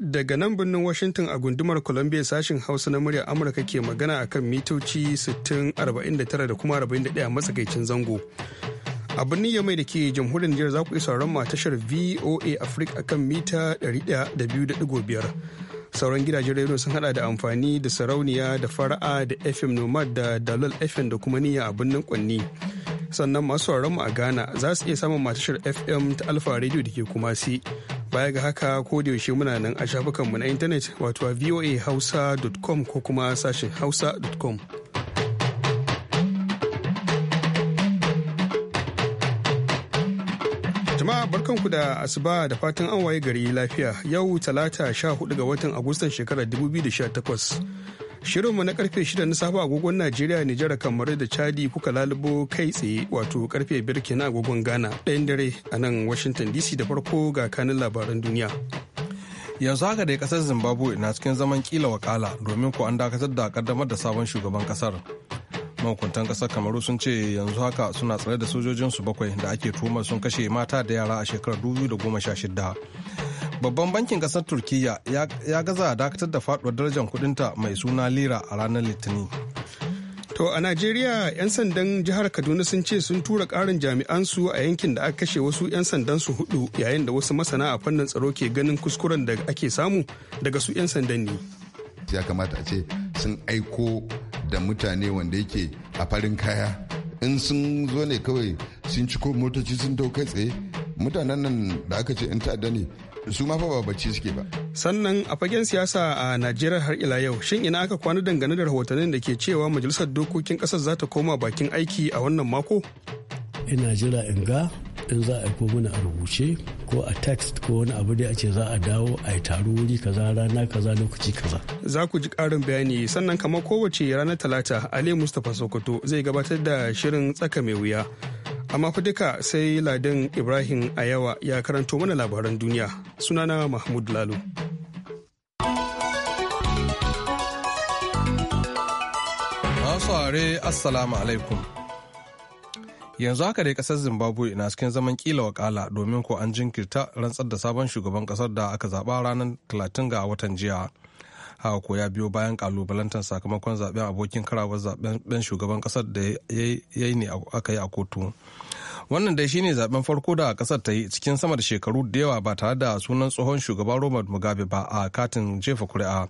Daga nan birnin Washington a gundumar Columbia sashin Hausa na muryar Amurka ke magana akan mitoci 60, da kuma 41 matsakaicin zango. a birnin yamai da ke jamhuriyar Nijar za ku iya sauran tashar VOA Africa akan mita 102.5 sauran gidajen rediyo sun hada da amfani da sarauniya da fara'a da fm nomad da dalol fm da kuma niyya a birnin kwanni sannan masu mu a ghana za su iya samun matashar fm ta alfa radio da ke kuma si baya ga haka ko da yaushe muna nan a shafukanmu na intanet wato a hausa.com ko kuma sashin hausa.com Jama'a barkanku da asuba da fatan an waye gari lafiya yau talata 14 ga watan Agustan shekarar 2018. Shirinmu na karfe 6 na safe agogon Najeriya Nijar kamar da Chadi kuka lalubo kai tsaye wato karfe 5 agogon Ghana ɗayan dare a nan Washington DC da farko ga kanin labaran duniya. Yanzu haka dai kasar Zimbabwe na cikin zaman kila wakala domin ko an dakatar da kaddamar da sabon shugaban kasar. mahukuntan kasar kamaru sun ce yanzu haka suna tsare da sojojinsu bakwai da ake tuhumar sun kashe mata da yara a shekarar da goma sha 2016 babban bankin kasar turkiyya ya gaza dakatar da faduwar darajar kudinta mai suna lira a ranar litinin To a Najeriya 'yan sandan jihar Kaduna sun ce sun tura ƙarin jami'ansu a yankin da aka kashe wasu 'yan sandan su hudu yayin da wasu masana a fannin tsaro ke ganin kuskuren da ake samu daga su 'yan sandan ne. Ya kamata a ce sun aiko da mutane wanda yake a farin kaya in sun zo ne kawai sun ci ko motoci sun dau kai tsaye mutanen nan da aka ce in ta'adda ne su ma fa ba bacci suke ba sannan a fagen siyasa a najeriya har ila yau shin ina aka kwana dangane da rahotannin da ke cewa majalisar dokokin kasar za ta koma bakin aiki a wannan mako ina jira in ga in za a mana a rubuce ko a text ko wani abu dai a ce za a dawo a yi taro wuri kaza rana kaza lokaci kaza. Za ku ji ƙarin bayani sannan kamar kowace ranar talata Ali Mustapha Sokoto zai gabatar da shirin tsaka mai wuya. Amma ku duka sai Ladin Ibrahim a yawa ya karanto mana labaran duniya. Sunana Mahmud Lalo. Masu are Assalamu alaikum. yanzu haka dai kasar zimbabwe na cikin zaman kila wakala domin ko an jinkirta rantsar da sabon shugaban kasar da aka zaba ranar 30 ga watan jiya haka ko ya biyo bayan kalubalantar sakamakon zaben abokin karawar zaben shugaban kasar da ya yi ne aka yi a kotu wannan dai shine zaben farko da kasar ta yi cikin sama da shekaru da yawa ba tare da sunan tsohon shugaban robert mugabe ba a katin jefa kuri'a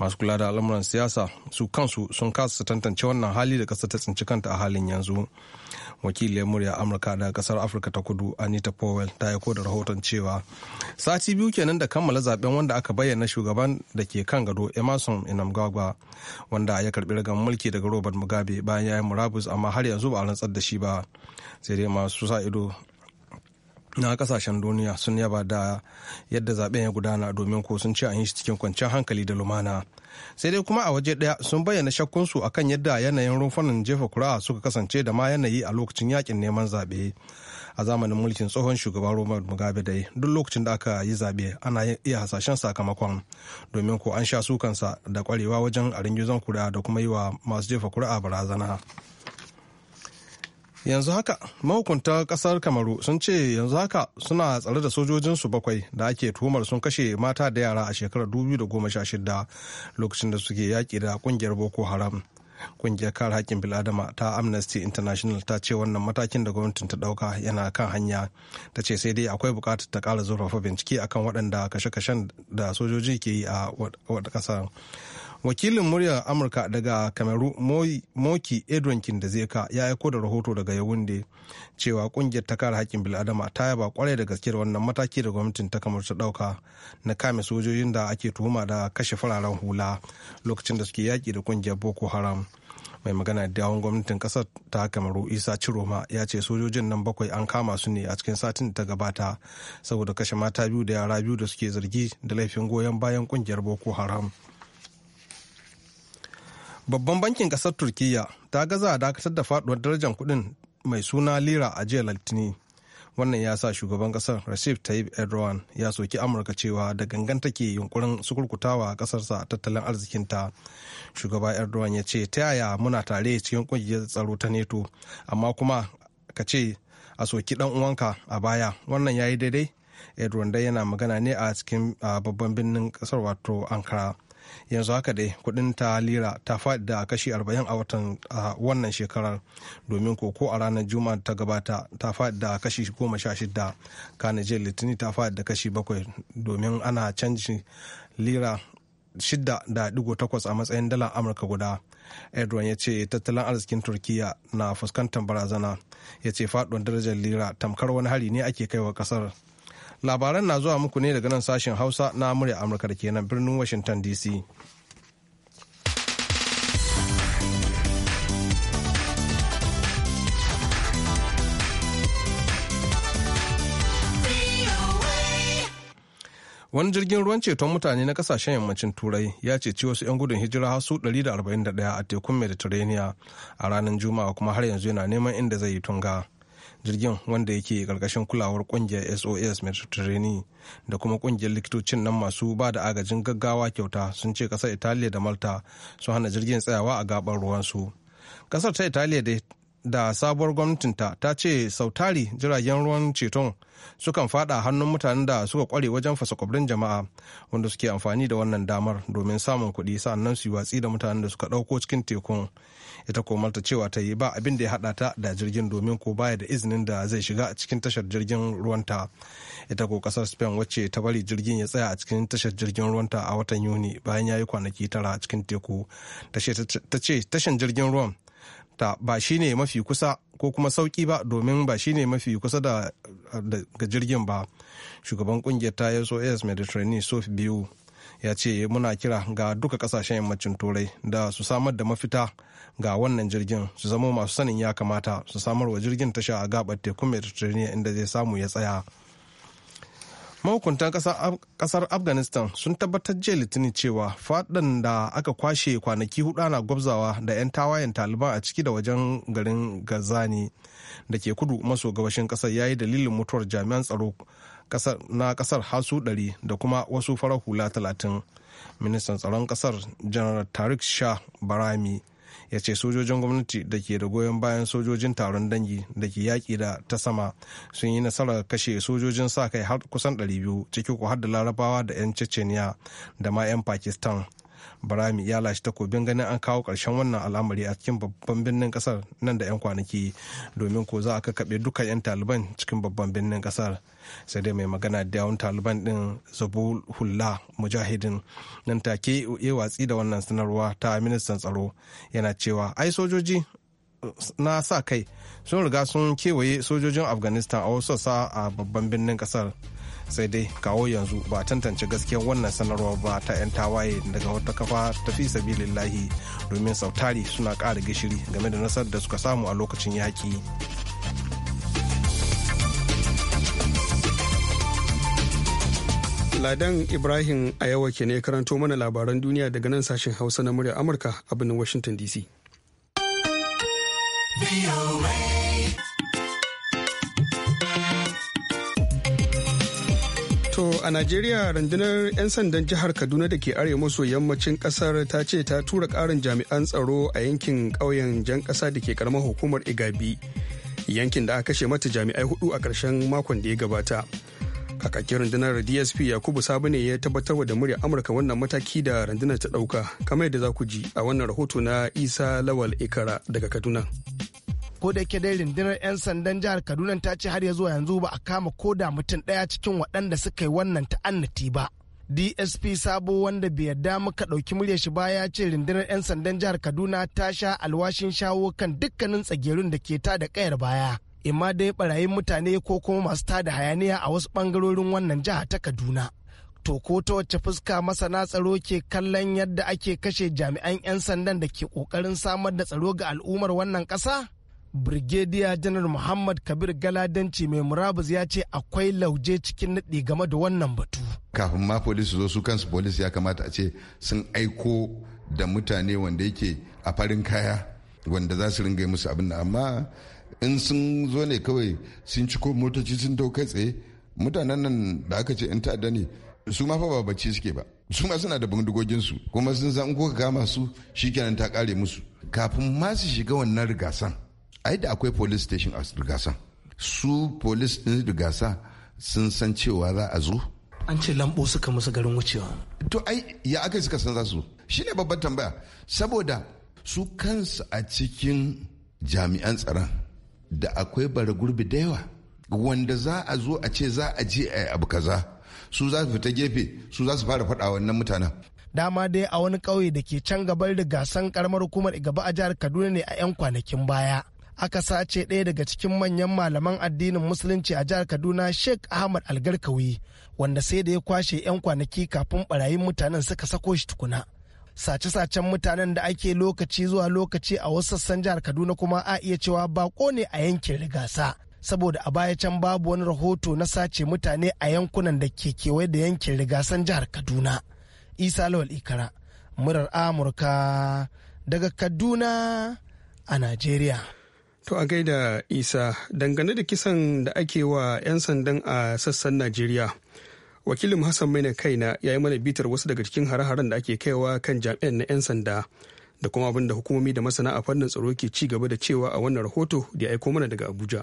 masu kula da al'amuran siyasa su kansu sun kasa su tantance wannan hali da kasa ta tsinci kanta a halin yanzu ya murya amurka daga kasar afirka ta kudu anita powell ta aiko da rahoton cewa sati biyu kenan da kammala zaben wanda aka bayyana shugaban da ke kan gado emerson inamgagwa wanda ya karbi ragan mulki daga robert mugabe bayan ya yi murabus amma har yanzu ba a rantsar da shi ba sai dai masu sa ido na kasashen duniya sun yaba da yadda zaben ya gudana domin ko sun ce an yi shi cikin kwanciyar hankali da lumana sai dai kuma a waje daya sun bayyana shakkunsu kan yadda yanayin rumfunan jefa kura suka kasance da ma yanayi a lokacin yakin neman zaɓe a zamanin mulkin tsohon shugaban Robert Mugabe dai duk lokacin da aka yi zaɓe ana iya hasashen sakamakon domin ko an sha sukansa da kwarewa wajen a ringizon kura da kuma yi wa masu jefa kura kuri'a barazana. yanzu haka mahukuntar kasar kamaru sun ce yanzu haka suna tsare da sojojinsu bakwai da ake tuhumar sun kashe mata da yara a shekarar 2016 lokacin da suke yaƙi da ƙungiyar boko haram ƙungiyar kare haƙƙin biladama ta amnesty international ta ce wannan matakin da gwamnatin ta ɗauka yana kan hanya ta ce sai dai akwai buƙatar ta ƙara zurfafa bincike akan waɗanda kashe-kashen da sojoji ke yi a ƙasar wakilin muryar amurka daga kameru moki edwin kindazeka ya aiko da rahoto daga yawunde cewa kungiyar ta kare haƙƙin bil'adama ta yaba kwarai da gaske da wannan mataki da gwamnatin ta kamar ta ɗauka na kame sojojin da ake tuhuma da kashe fararen hula lokacin da suke yaƙi da kungiyar boko haram mai magana da yawon gwamnatin kasar ta kamaru isa ciroma ya ce sojojin nan bakwai an kama su ne a cikin satin da ta gabata saboda kashe mata biyu da yara biyu da suke zargi da laifin goyon bayan kungiyar boko haram babban bankin kasar turkiyya ta gaza dakatar da faduwar darajar kudin mai suna lira a jiya litinin wannan ya sa shugaban kasar recep tayyip erdogan ya soki amurka cewa da gangan take yunkurin sukurkutawa kasarsa tattalin arzikinta shugaba erdogan ya ce ta yaya muna tare cikin kungiyar tsaro ta neto amma kuma ka ce a soki dan uwanka a baya wannan ya yi daidai erdogan yana magana ne a cikin babban birnin kasar wato ankara yanzu haka dai kudin ta lira ta faɗi da kashi 40 a watan wannan shekarar domin koko a ranar juma ta gabata ta faɗi da kashi 16 kana jiya litini ta faɗi da kashi 7 domin ana canji lira 6.8 a matsayin dalar amurka guda edward ya ce tattalin arzikin turkiya na fuskantar barazana ya ce faɗuwar darajar lira tamkar wani hari ne ake kaiwa kasar labaran na zuwa muku ne daga nan sashen hausa na murya amurka da kenan birnin washington dc wani jirgin ruwan ceton mutane na kasashen yammacin turai ya ceci wasu 'yan gudun hijira hasu su 141 a tekun mediterranean a ranar juma'a kuma har yanzu yana neman inda zai yi tunga. jirgin wanda yake karkashin kulawar kungiyar sos mediterranean da kuma kungiyar likitocin nan masu ba da agajin gaggawa kyauta sun ce kasar italiya da malta sun hana jirgin tsayawa a gabar ruwansu kasar ta italiya da. da sabuwar gwamnatinta ta ce sautari jiragen ruwan ceton sukan fada hannun mutanen da suka kware wajen fasakwabrin jama'a wanda suke amfani da wannan damar domin samun kuɗi nan su yi watsi da mutanen da suka ɗauko cikin tekun ita komarta cewa ta yi ba abin da ya haɗa ta da jirgin domin ko baya da izinin da zai shiga a cikin tashar jirgin ruwanta ita ko ƙasar spain wacce ta bari jirgin ya tsaya a cikin tashar jirgin ruwanta a watan yuni bayan ya yi kwanaki tara a cikin teku ta ce tashin jirgin ruwan ta ba shi ne mafi kusa ko kuma sauki ba domin ba shi ne mafi kusa da jirgin ba shugaban kungiyar ta sos mediterranean sof biyu ya ce muna kira ga duka kasashen yammacin turai da su samar da mafita ga wannan jirgin su zama masu sanin ya kamata su samar wa jirgin tasha a gabar tekun mediterranean inda zai samu ya tsaya mahukuntan kasar afghanistan sun tabbatar jiya litinin cewa fadan da aka kwashe kwanaki hudu ana gwabzawa da 'yan tawayen taliban a ciki da wajen garin gazani da ke kudu maso gabashin kasar yayi dalilin mutuwar jami'an tsaro na kasar hasu ɗari da kuma wasu farar hula talatin ministan tsaron kasar janar tarik shah barami ya ce sojojin gwamnati da ke da goyon bayan sojojin taron dangi da ke yaƙi da ta sama sun yi nasarar kashe sojojin sa kai har kusan 200 ciki ko har da larabawa da 'yan ceceniya da ma 'yan pakistan barami ya lashe takobin ganin an kawo ƙarshen wannan al'amari a cikin babban birnin kasar nan da 'yan kwanaki domin ko za a kakaɓe duka 'yan taliban cikin babban birnin kasar. sai dai mai magana da yawun taliban din zabuhulla mujahidin nan take ya watsi da wannan sanarwa ta ministan tsaro yana cewa ai sojoji na sa kai sun riga sun kewaye sojojin afghanistan a wasu sassa a babban birnin kasar. sai dai kawo yanzu ba a tantance gaskiyar wannan sanarwar ba ta 'yan tawaye daga wata kafa ta tafi sabilillahi domin sautari suna ƙara gishiri game da nasar da suka samu a lokacin yaƙi. Ladan Ibrahim a yawa ke ne karanto mana labaran duniya daga nan sashen Hausa na murya Amurka a birnin Washington DC. a Najeriya rundunar 'yan sandan jihar Kaduna da ke arewa maso yammacin kasar ta ce ta tura karin jami'an tsaro a yankin ƙauyen jan ƙasa da ke karamar hukumar Igabi. Yankin da aka kashe mata jami'ai hudu a ƙarshen makon da ya gabata. Kakakin rundunar DSP Yakubu Sabu ne ya tabbatar da murya Amurka wannan mataki da rundunar ta ɗauka, kamar yadda za ku ji a wannan rahoto na Isa Lawal Ikara daga Kaduna. ko da yake dai rundunar 'yan sandan jihar kaduna ta ce har ya zuwa yanzu ba a kama ko da mutum ɗaya cikin waɗanda suka yi wannan ta'annati ba dsp sabo wanda bai yarda muka ɗauki murya shi ba ya ce rundunar 'yan sandan jihar kaduna ta sha alwashin shawo kan dukkanin tsagerun da ke ta da kayar baya imma dai barayin mutane ko kuma masu tada hayaniya a wasu bangarorin wannan jiha ta kaduna to ko ta wacce fuska masana tsaro ke kallon yadda ake kashe jami'an 'yan sandan da ke kokarin samar da tsaro ga al'ummar wannan kasa. Brigadier janar Muhammad Kabir Galadanci mai murabus ya ce akwai lauje cikin naɗi game da wannan batu. Kafin ma polisi zo su kansu polisi ya kamata a ce sun aiko da mutane wanda yake a farin kaya wanda za su ringa musu abin amma in sun zo ne kawai sun ko motoci sun dau kai tsaye mutanen nan da aka ce in ta'adda ne su ma fa ba bacci suke ba su ma suna da bindigogin su kuma sun san ko ka kama su shikenan ta kare musu kafin ma su shiga wannan rigasan ai da akwai police station a rigasa su police din rigasa sun san cewa za a zo an ce lambo suka musu garin wucewa to ai ya aka suka san za su shine babban tambaya saboda su kansu a cikin jami'an tsaron da akwai bara gurbi da yawa wanda za a zo a ce za a je a abu kaza su za su fita gefe su za su fara faɗa wannan mutanen dama dai a wani ƙauye da ke can gabar da gasan karamar hukumar gaba a jihar kaduna ne a 'yan kwanakin baya aka sace ɗaya daga cikin manyan malaman addinin musulunci a jihar kaduna sheikh ahmad algarkawi wanda sai da ya kwashe 'yan kwanaki kafin barayin mutanen suka sako shi tukuna sace-sacen mutanen da ake lokaci zuwa lokaci a wasu sassan jihar kaduna kuma a iya cewa bako ne a yankin rigasa saboda a baya can babu wani rahoto na sace mutane a yankunan da ke kewaye da yankin rigasan jihar kaduna isa lawal ikara murar amurka daga kaduna a najeriya To a gaida Isa dangane da kisan da ake wa 'yan sandan a sassan Najeriya. Wakilin Hassan Maina kaina ya yi mana bitar wasu daga cikin hare-haren da ake kaiwa kan jami'an na 'yan sanda da kuma abin da hukumomi da masana a fannin tsaro ke ci gaba da cewa a wannan rahoto da ya aiko mana daga Abuja.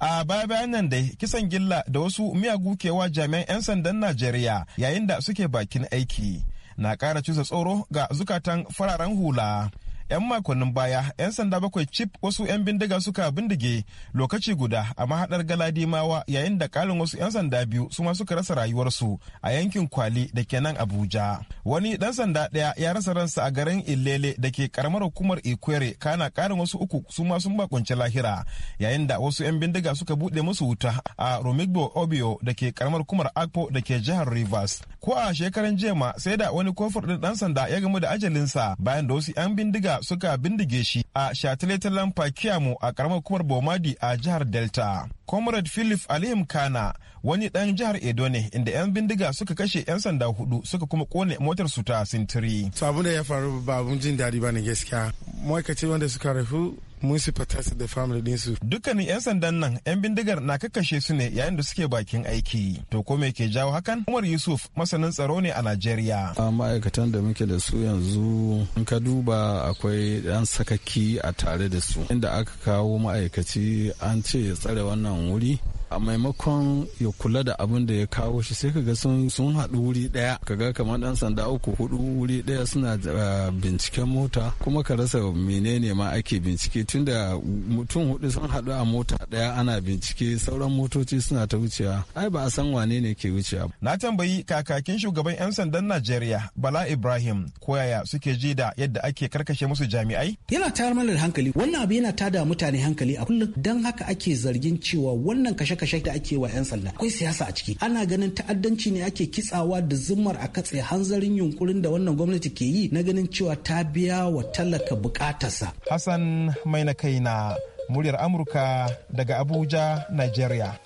a baya bayan nan dai kisan gilla da wasu miyagu kewa jami'an 'yan sandan najeriya yayin da suke bakin aiki na kara cusa tsoro ga zukatan fararen hula 'yan makonnin baya 'yan sanda bakwai cif wasu 'yan bindiga suka bindige lokaci guda a mahaɗar galadimawa yayin da kalin wasu 'yan sanda biyu su ma suka rasa rayuwarsu a yankin kwali da ke abuja wani dan sanda daya ya rasa ransa a garin ilele da ke karamar hukumar ikwere kana ƙarin wasu uku su ma sun bakunci lahira yayin da wasu 'yan bindiga suka buɗe musu wuta a romigbo obio da ke karamar hukumar akpo da ke jihar rivers ko a shekaran jema sai da wani kofar dan sanda ya gamu da ajalinsa bayan da wasu 'yan bindiga suka bindige shi a shataletalen Pakiamu a karamar kumar Bomadi a jihar Delta. Comrade Philip alim Kana wani ɗan jihar Edo ne inda 'yan bindiga suka kashe 'yan sanda hudu suka kuma kone motar su ta sintiri. To da ya faru ba jin daɗi ba ne gaskiya. Ma'aikaci wanda suka rufu mun sifata su da family ɗinsu. Dukkanin 'yan sandan nan 'yan bindigar na kakkashe su ne yayin da suke bakin aiki. To ko me ke jawo hakan? Umar Yusuf masanin tsaro ne a Najeriya. A ma'aikatan da muke da su yanzu in ka duba akwai ɗan sakaki a tare da su. Inda aka kawo ma'aikaci an ce ya tsare wannan wuri a maimakon ya kula da abin da ya kawo shi sai kaga sun sun haɗu wuri ɗaya ga kamar ɗan sanda uku hudu wuri ɗaya suna eh, binciken mota kuma ka rasa menene ma ake bincike tunda mutum hudu sun haɗu a mota ɗaya ana bincike sauran motoci suna ta wucewa ai ba a san wane ne ke wucewa. na tambayi kakakin shugaban 'yan sandan najeriya bala ibrahim koyaya suke ji da yadda ake karkashe musu jami'ai. yana tayar mana da hankali wannan abu yana tada mutane hankali a kullum don haka ake zargin cewa wannan kashe kashe da ake wa 'yan sallah akwai siyasa a ciki ana ganin ta'addanci ne ake kitsawa da zummar a katse hanzarin yunkurin da wannan gwamnati ke yi na ganin cewa ta biya wa talaka bukatarsa hassan mai na kai na muryar amurka daga abuja nigeria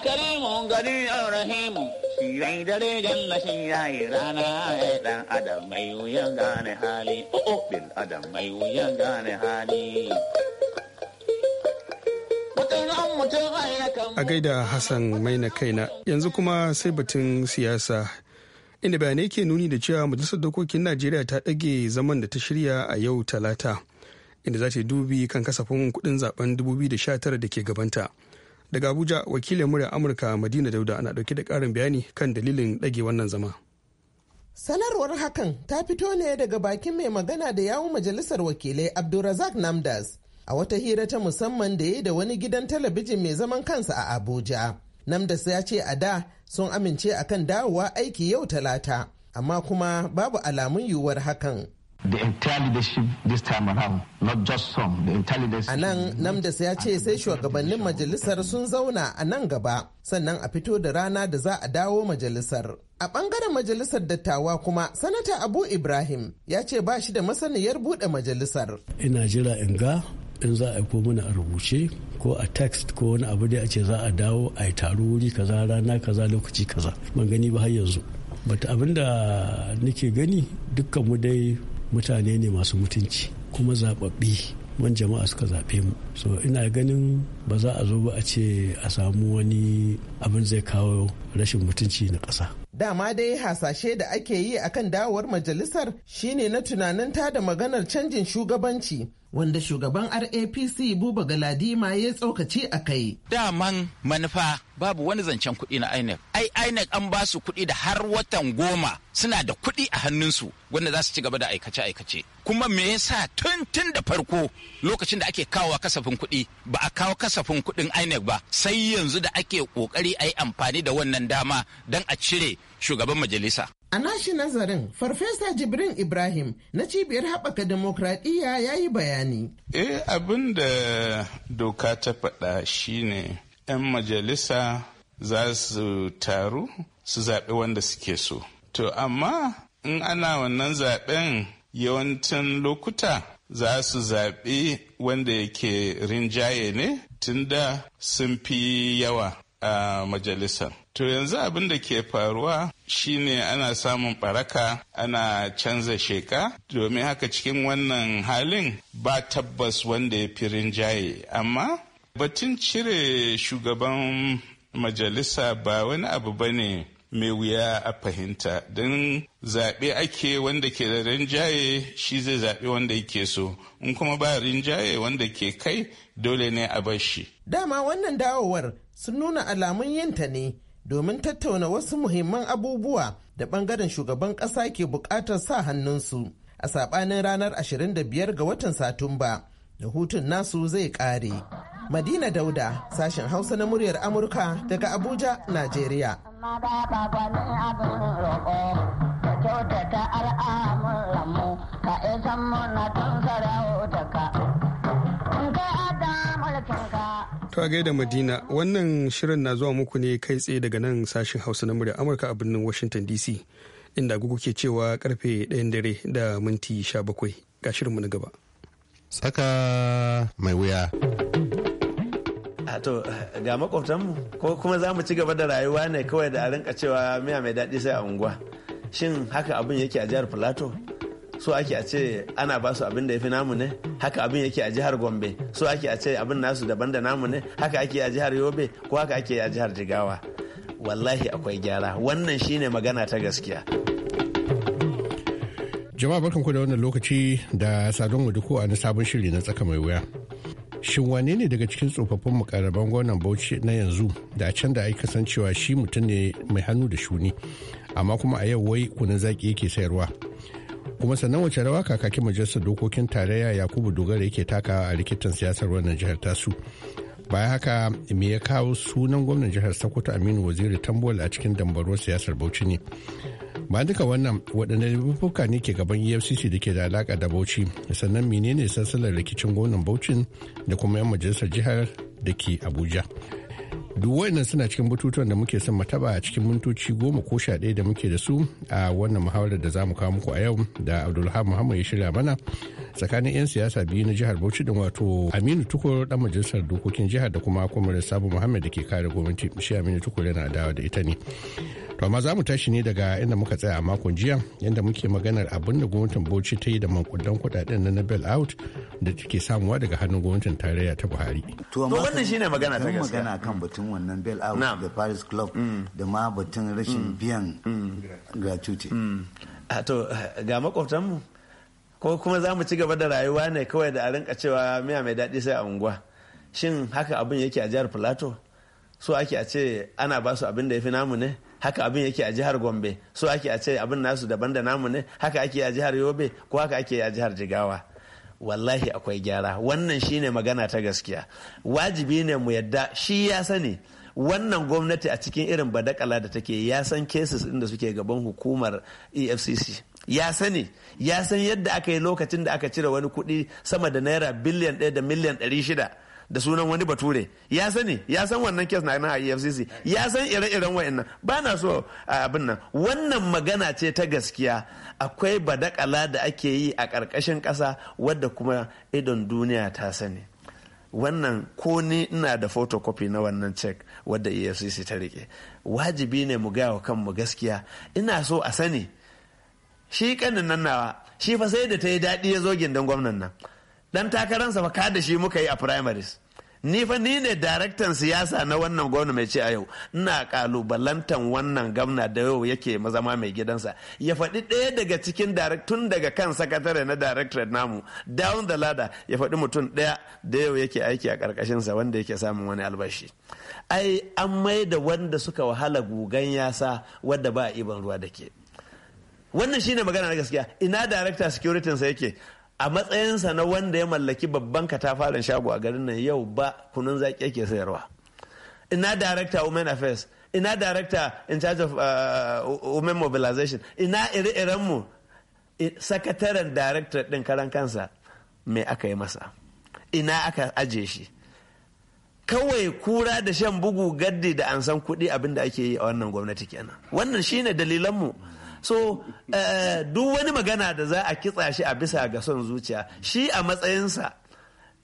karimu gari rahimu shirai dare rana ya dan adam mai wuyan gane hali o'o oh, oh, adam mai wuyan gane hali a gaida hassan maina kaina yanzu kuma sai batun siyasa inda bayanai ke nuni da cewa majalisar dokokin najeriya ta ɗage zaman da ta shirya a yau talata inda za ta dubi kan kasafin kudin zaben 2019 da ke gabanta daga abuja wakilin murya amurka madina dauda ana dauke da karin bayani kan dalilin ɗage wannan zama sanarwar hakan ta fito ne daga bakin mai magana da yawun majalisar wakilai abdulrazak namdas a wata hira ta musamman da ya da wani gidan talabijin mai zaman kansa a Abuja. Namdas ya ce a da sun amince akan dawowa aiki yau talata, amma kuma babu alamun yiwuwar hakan. A nan, Namdas ya ce sai shugabannin majalisar sun zauna a nan gaba, sannan a fito da rana da za a dawo majalisar. A bangaren majalisar dattawa kuma, Sanata Abu Ibrahim ya ce ba shi da masaniyar buɗe majalisar. Ina jira in ga in za a ko mana a rubuce ko a text ko wani abu da a ce za a dawo a yi taro wuri kaza rana kaza lokaci kaza ban gani ba har yanzu bata abin da nake gani dukkan mu dai mutane ne masu mutunci kuma zababbi man jama'a suka zaɓe mu so ina ganin ba za a zo ba a ce a samu wani abin zai kawo rashin mutunci na ƙasa dama dai hasashe da ake yi akan dawowar majalisar shine na tunanin ta da maganar canjin shugabanci wanda shugaban rapc buba galadima ya tsokaci a kai daman manufa babu wani zancen kuɗi na inec ai inec an ba su kuɗi da har watan goma suna da kuɗi a hannunsu wanda za su ci gaba da aikace-aikace kuma me yasa tun tun da farko lokacin da ake kawo kasafin kuɗi ba a kawo kasafin kuɗin INEC ba sai yanzu da ake ƙoƙari a yi amfani da wannan dama don a cire shugaban majalisa. A nashi nazarin Farfesa Jibrin Ibrahim na cibiyar haɓaka demokradiyya ya yi bayani. Eh abin da doka ta faɗa shine 'yan majalisa za su taru su zaɓi wanda suke so. To amma in ana wannan zaɓen yawancin lokuta za su zaɓi wanda yake rinjaye ne tunda sun fi yawa a majalisar. To yanzu abin da ke faruwa shine ana samun baraka ana canza sheka domin haka cikin wannan halin ba tabbas wanda ya fi rinjaye amma batun cire shugaban majalisa ba wani abu ba ne mai wuya a fahimta don zaɓe ake wanda ke da rinjaye shi zai zaɓe wanda yake so in kuma ba rinjaye wanda ke kai dole ne a bar shi. Dama wannan dawowar sun nuna alamun yinta ne domin tattauna wasu muhimman abubuwa da bangaren shugaban ƙasa ke buƙatar sa hannunsu a saɓanin ranar 25 ga watan Satumba. da hutun nasu zai kare. Madina Dauda, sashen Hausa na muryar Amurka daga Abuja, Najeriya. Ta gaida Madina, wannan shirin na zuwa muku ne kai tsaye daga nan sashen Hausa na muryar Amurka a birnin Washington DC, inda gugu ke cewa karfe 1 dare da minti 17 ga shirinmu na gaba. tsaka mai wuya. to ga makwabtanmu ko kuma za mu ci gaba da rayuwa ne kawai da a rinka cewa miya mai daɗi sai a unguwa shin haka abin yake a jihar filato so ake a ce ana ba su abin da ya fi namu ne haka abin yake a jihar gombe so ake a ce abin nasu daban da namu ne haka ake a jihar yobe ko haka ake a jihar jigawa wallahi akwai gyara wannan shine magana ta gaskiya. Jama'a barkanku da wannan lokaci da sadon mu duku a na sabon shiri na tsaka mai wuya. Shin wane ne daga cikin tsofaffin mukarraban gwamnan Bauchi na yanzu da a can da ai kasancewa shi mutum ne mai hannu da shuni amma kuma a yau wai kunan zaki yake sayarwa. Kuma sannan wace rawa kakakin majalisar dokokin tarayya Yakubu Dogara yake takawa a rikitan siyasar wannan jihar tasu. bai haka me ya kawo sunan gwamnan jihar sokoto aminu waziri tambol a cikin dambaro siyasar bauchi ne ba duka wannan waɗanda laifuka ne ke gaban efcc da ke da alaƙa da bauchi sannan menene sassalar rikicin gwamnan bauchin da kuma 'yan majalisar jihar da ke abuja duk wannan suna cikin bututun da muke son mataba a cikin mintoci goma ko sha ɗaya da muke da su a wannan muhawarar da za mu kawo muku a yau da abdulham muhammad ya shirya mana tsakanin 'yan siyasa biyu na jihar bauchi da wato aminu tukur dan majalisar dokokin jihar da kuma kwamarin sabu muhammad da ke kare gwamnati shi aminu tukur yana dawa da ita ne to amma za mu tashi ne daga inda muka tsaya a makon jiya inda muke maganar abin da gwamnatin bauchi ta yi da mankudan kudaden na nobel out da take samuwa daga hannun gwamnatin tarayya ta buhari to wannan shine magana ta gaskiya magana kan batun wannan bail out da paris club mm. da ma batun rashin mm. biyan mm. gratuity ah, to ga makwabtanmu ko kuma za mu ci gaba da rayuwa ne kawai da a rinka cewa miya mai daɗi sai a unguwa shin haka abin yake a jihar filato so ake a ce ana ba su abin da ya fi namu ne haka abin yake a jihar gombe so ake a ce abin nasu daban da namu ne haka ake a jihar yobe ko haka ake a jihar jigawa wallahi akwai gyara wannan shine magana ta gaskiya wajibi ne mu yadda shi ya sani wannan gwamnati a cikin irin badakala da take ya san cases inda suke gaban hukumar efcc ya sani ya san yadda aka yi lokacin da aka cire wani kuɗi sama da naira biliyan ɗaya da miliyan ɗari shida da sunan wani bature ya sani ya san wannan kes na a efcc ya san ire-iren wa'annan ba na so a abin nan wannan magana ce ta gaskiya akwai badakala da ake yi a ƙarƙashin ƙasa wadda kuma idon duniya ta sani wannan ko ni ina da photocopy na wannan cek wadda efcc ta rike wajibi ne mu gaya wa kanmu gaskiya ina so a sani shi kanin nan nawa shi fa sai da ta yi daɗi ya zo gindin gwamnan nan dan takararsa fa ka da shi muka yi a primaries ni fa ni ne daraktan siyasa na wannan gwamna mai ce a yau ina kalubalantan wannan gwamna da yau yake zama mai gidansa ya faɗi ɗaya daga cikin tun daga kan sakatare na directorate namu down the ladder ya faɗi mutum ɗaya da yau yake aiki a ƙarƙashinsa wanda yake samun wani albashi ai an mai da wanda suka wahala gugan yasa wadda ba iban ruwa da ke wannan shine magana na gaskiya ina director security sa yake a matsayinsa na wanda ya mallaki babban katafaren shago a garin nan yau ba kunun zaki yake sayarwa ina director women affairs ina director in charge of uh, women mobilization ina ire-iren mu sakataren director din karan kansa me aka yi masa ina aka aje shi kawai kura da shan bugu gaddi da an san kuɗi abinda ake yi a wannan gwamnati kenan wannan shine dalilan mu so eh, duk wani magana da za a kitsa shi a bisa ga son zuciya shi a matsayinsa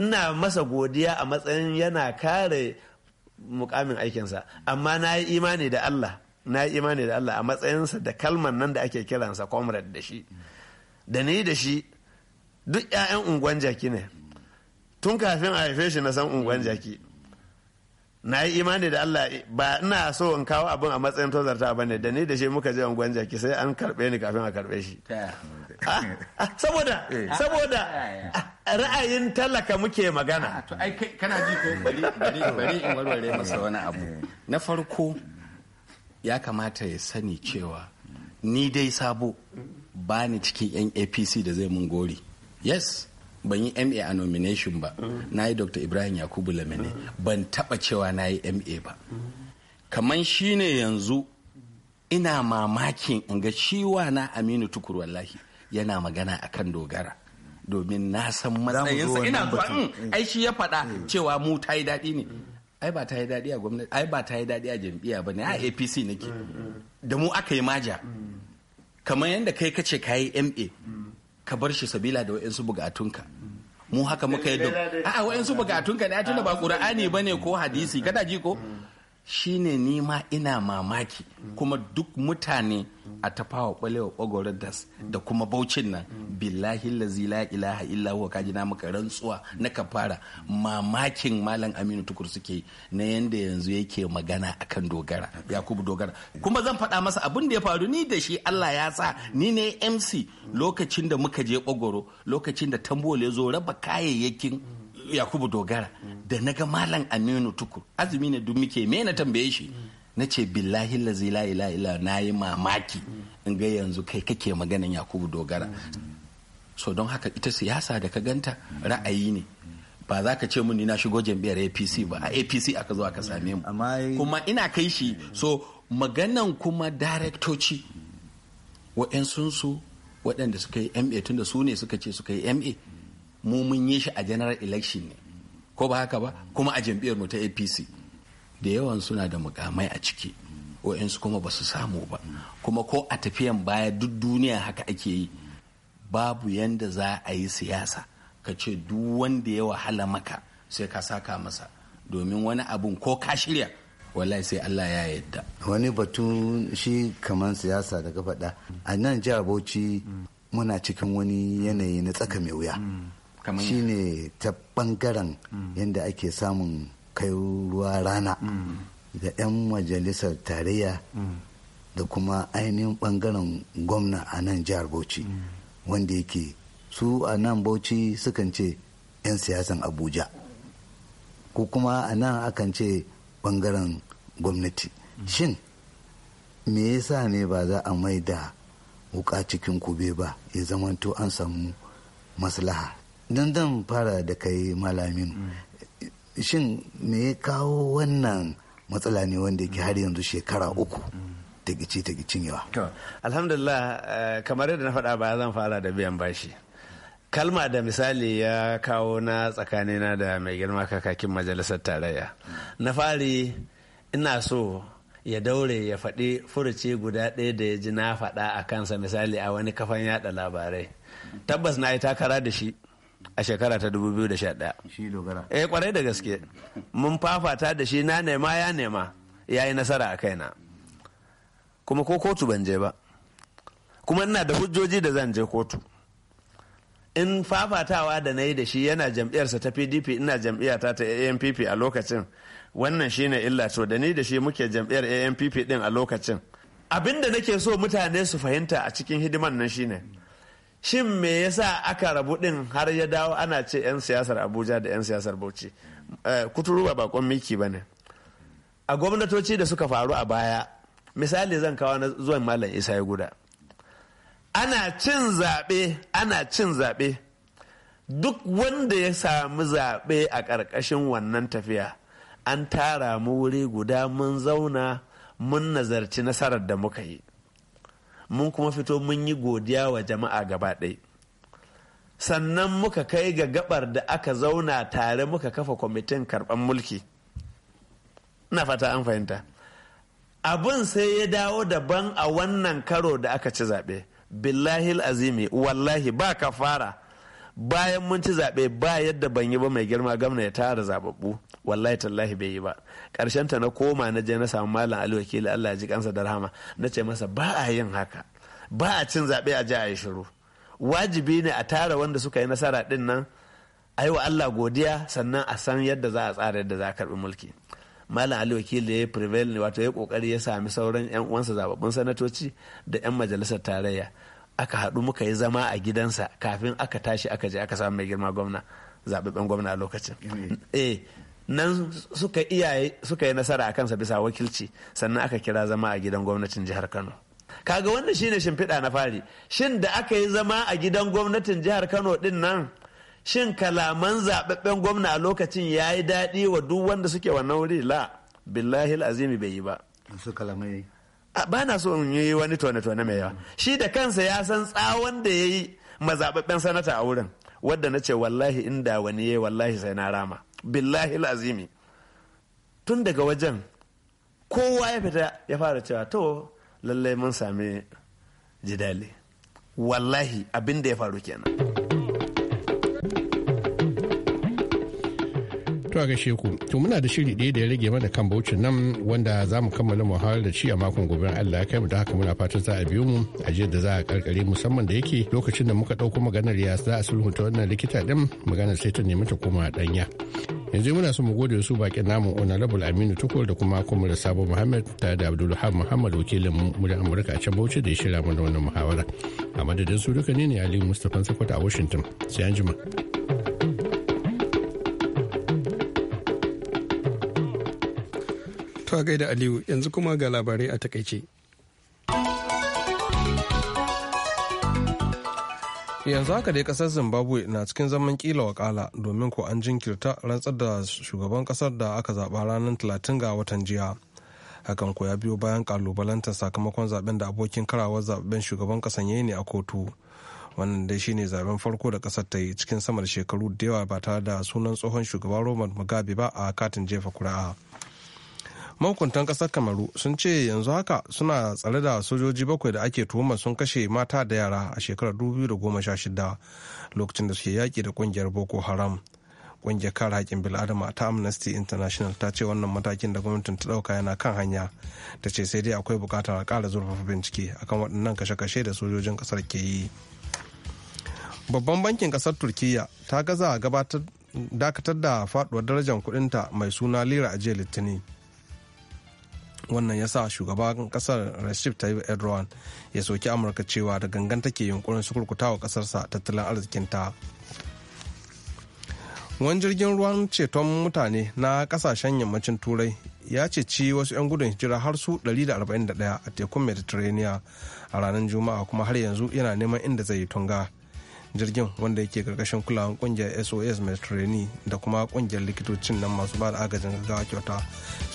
ina masa godiya a matsayin yana kare mukamin aikinsa amma na yi imani da Allah na yi imani da Allah a matsayinsa da kalman nan da ake kiransa comrade da shi da ni da shi duk 'ya'yan unguwan jaki ne tun kafin a haife shi na san unguwan jaki na yi imani da Allah ba ina so in kawo abin a matsayin tozarta ba ne da ni da shi muka je unguwan jaki sai an karɓe ni kafin a karɓe shi ah, ah, saboda eh. saboda ah, ra'ayin talaka muke magana to ai kana ji ko bari bari in warware masa wani abu eh. na farko ya kamata ya sani cewa ni dai sabo ba ni cikin yan apc da zai mun gori yes ban yi ma a nomination ba mm. na yi dr ibrahim yakubu lamine ban taba cewa na yi ma ba kamar shine yanzu ina mamakin in ga ciwa na aminu tukur wallahi yana magana akan dogara domin na san matsayinsa ina zuwa mm, ai shi ya faɗa mm. cewa mu ta yi daɗi ne ai ba ta yi daɗi a gwamnati ai ba ta yi daɗi a jam'iyya ba ne a apc nake da mu aka yi maja kamar yadda kai kace ka yi ma ka bar shi sabila da wa'insu bugatunka mu haka muka yi da a'a wa'insu bukatunka ne a tunda ba ba ne ko hadisi mm. kada ji ko mm. shine ni ma ina mamaki kuma duk mutane a tafawa balewa bagorar das da kuma baucin nan billahi lazi la ilaha illa huwa kaji na rantsuwa na kafara mamakin malam aminu tukur suke na yanda yanzu yake magana kan dogara yakubu dogara kuma zan faɗa masa abin da ya faru ni da shi allah ya sa ni ne mc lokacin da muka je bagoro lokacin da tambol zo raba kayayyakin yakubu dogara da naga ga malam aminu tukur azumi ne duk muke me na tambaye shi na ce billahi lazi la ila ila na mamaki in ga yanzu kai kake maganan yakubu dogara so don haka ita siyasa da ka ganta ra'ayi ne ba za ka ce mun na shigo jam'iyyar apc ba a apc aka zo aka same mu kuma ina kai shi so maganan kuma daraktoci wa'yansunsu waɗanda suka yi ma tunda su ne suka ce suka yi ma mu mun yi shi a general election ne ko ba haka ba kuma a jam'iyyar mu ta apc da yawan suna da mukamai a ciki wa'yansu kuma ba su samu ba kuma ko a tafiyan baya duk duniya haka ake yi babu yanda za a yi siyasa ka ce duk wanda ya wahala maka sai ka saka masa domin wani abun ko ka shirya wallahi sai Allah ya yadda wani batu shi kamar siyasa daga faɗa a nan jihar Bauchi muna cikin wani yanayi na tsaka mai wuya shine ta bangaren yadda ake samun kai ruwa rana da 'yan majalisar tarayya da kuma ainihin bangaren gwamna a nan jihar bauchi wanda yake su a nan bauchi sukan ce 'yan siyasan abuja ko kuma a nan akan ce bangaren gwamnati shin me yasa ne ba za a mai da wuka cikin kube ba ya zamanto an samu maslaha don zan fara da kai malamin shin me ya kawo wannan matsala ne wanda ke har yanzu shekara uku ta gici ta gicin yawa alhamdulillah eh, kamar yadda na faɗa ba zan fara da biyan bashi kalma da misali ya kawo na tsakanina da mai girma kakakin majalisar tarayya na fari ina so ya daure ya faɗi furuci guda ɗaya da ya ji na faɗa a kansa misali a wani kafan yaɗa labarai tabbas na yi takara da shi a shekara ta 2011 eh kwarai da gaske mun fafata da shi na nema ya nema ya yi nasara a kaina kuma ko kotu ban je ba kuma ina da hujjoji da zan je kotu in fafatawa da na yi da shi yana jam'iyyarsa ta pdp ina jam'iyyata ta ampp a lokacin wannan shi ne illa to da ni da shi muke jam'iyyar ampp din a lokacin abin da nake so mutane su fahimta a cikin hidiman nan shine shin me yasa aka rabu din har ya dawo ana ce 'yan siyasar abuja da 'yan siyasar bauchi eh, kuturu ba bakon miki ba ne a gwamnatoci da suka faru a baya misali zan kawo na zuwan malam isa ya guda ana cin zaɓe ana cin zaɓe duk wanda ya samu zaɓe a ƙarƙashin wannan tafiya an tara mu wuri guda mun zauna mun nazarci nasarar da muka yi mun kuma fito mun yi godiya wa jama'a gaba ɗaya sannan muka kai ga gabar da aka zauna tare muka kafa kwamitin karɓar mulki na fata an fahimta abin sai ya dawo daban a wannan karo da aka ci zaɓe billahil azimi wallahi ba ka fara bayan mun ci zaɓe ba yadda ban yi ba mai girma gamna ya tara zababbu wallahi tallahi bai yi ba karshen ta na koma na je na samu malam ali wakili Allah ya ji kansa da rahama na ce masa ba a yin haka ba a cin zaɓe a ji a yi shiru wajibi ne a tara wanda suka yi nasara din nan a yi wa Allah godiya sannan a san yadda za a tsara yadda za a karɓi mulki malam ali wakili ya yi prevail ne wato ya kokari ya sami sauran yan uwansa zababbun sanatoci da yan majalisar tarayya aka haɗu muka yi zama a gidansa kafin aka tashi aka je aka samu mai girma gwamna zaɓaɓɓen gwamna a lokacin eh nan suka iyaye suka yi nasara a kansa bisa wakilci sannan aka kira zama a gidan gwamnatin jihar kano kaga wannan shine shimfiɗa na fari shin da aka yi zama a gidan gwamnatin jihar kano din nan shin kalaman zaɓaɓɓen gwamna a lokacin ya yi daɗi wa duk wanda suke wannan wuri la billahi azimi bai yi ba ba na so in yi wani tone-tone mai yawa shi da kansa ya san tsawon da ya yi mazaɓaɓɓen sanata a wurin wadda na ce wallahi inda wani ya wallahi sai na rama billahi azimi tun daga wajen kowa ya fita ya fara cewa to lallai mun sami jidali wallahi abin da ya faru kenan To a gaishe ku, to muna da shiri ɗaya da ya rage mana kan baucin nan wanda za mu kammala muhawar da shi a makon gobe Allah ya kai mu da haka muna fatan za a biyo mu a jiya da za a karkare musamman da yake lokacin da muka ɗauko maganar ya za a sulhunta wannan likita ɗin maganar sai ta nemi ta koma ɗanya. yanzu muna son mu gode su bakin namu onalabul aminu tukur da kuma da sabo muhammad tare da abdulluhan muhammad wakilin mu da amurka a can bauchi da ya shirya mana wannan muhawara a madadin su duka ne ne ali mustapha sakwata a washington sai an jima to gaida aliyu yanzu kuma ga labarai a takaice yanzu haka dai kasar zimbabwe na cikin zaman kila wakala domin ko an jinkirta rantsar da shugaban kasar da aka zaba ranar 30 ga watan jiya hakan ko ya biyo bayan kalubalanta sakamakon zaben da abokin karawar zaben shugaban kasan yayi ne a kotu wannan dai shine zaben farko da kasar ta yi cikin sama da shekaru da yawa ba tare da sunan tsohon shugaban robert mugabe ba a katin jefa kuri'a mahukuntan kasar kamaru sun ce yanzu haka suna tsare da sojoji bakwai da ake tuhumar sun kashe mata da yara a shekarar shida lokacin da suke yaƙi da ƙungiyar boko haram ƙungiyar kare haƙƙin bil'adama ta amnesty international ta ce wannan matakin da gwamnatin ta ɗauka yana kan hanya ta ce sai dai akwai buƙatar ƙara zurfafa bincike akan waɗannan kashe-kashe da sojojin ƙasar ke yi babban bankin ƙasar turkiyya ta gaza gabatar dakatar da faduwar darajar kudinta mai suna lira a jiya litinin wannan ya sa shugaban kasar recep tayyip erdogan ya soki amurka cewa da gangan take yunkurin sukurkuta wa kasarsa tattalin arzikinta wani jirgin ruwan ceton mutane na kasashen yammacin turai ya ceci wasu 'yan gudun hijira har su 141 a tekun mediterranean a ranar juma'a kuma har yanzu yana neman inda zai yi tunga jirgin wanda yake karkashin kulawan kungiyar sos mediterranean da kuma kungiyar likitocin nan masu ba da agajin gaggawa kyauta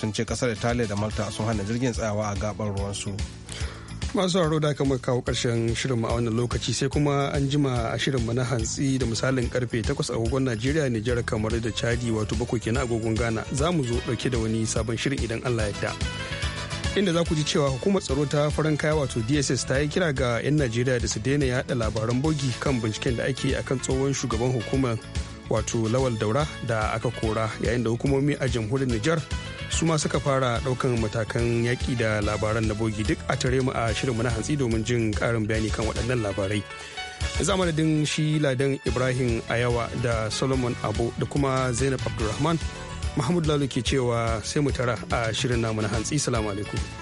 sun ce kasar italiya da malta sun hana jirgin tsayawa a gabar ruwansu masu sauraro da aka kawo karshen shirinmu a wannan lokaci sai kuma an jima a shirinmu na hantsi da misalin karfe 8 agogon najeriya nijar kamar da chadi wato bakwai kenan agogon ghana za mu zo dauke da wani sabon shirin idan allah ya inda za ku ji cewa hukumar tsaro ta farin kaya wato dss ta yi kira ga 'yan najeriya da su daina yada labaran bogi kan binciken da ake akan tsohon shugaban hukumar wato lawal daura da aka kora yayin da hukumomi a jamhuriyar nijar su ma suka fara daukan matakan yaƙi da labaran na bogi duk a tare mu a shirinmu na hantsi domin jin karin bayani kan waɗannan labarai zamanadin shi ladan ibrahim ayawa da solomon abu da kuma zainab abdulrahman Mahmud Lalo ke cewa sai mu tara a shirin namu na hantsi. Salamu alaikum.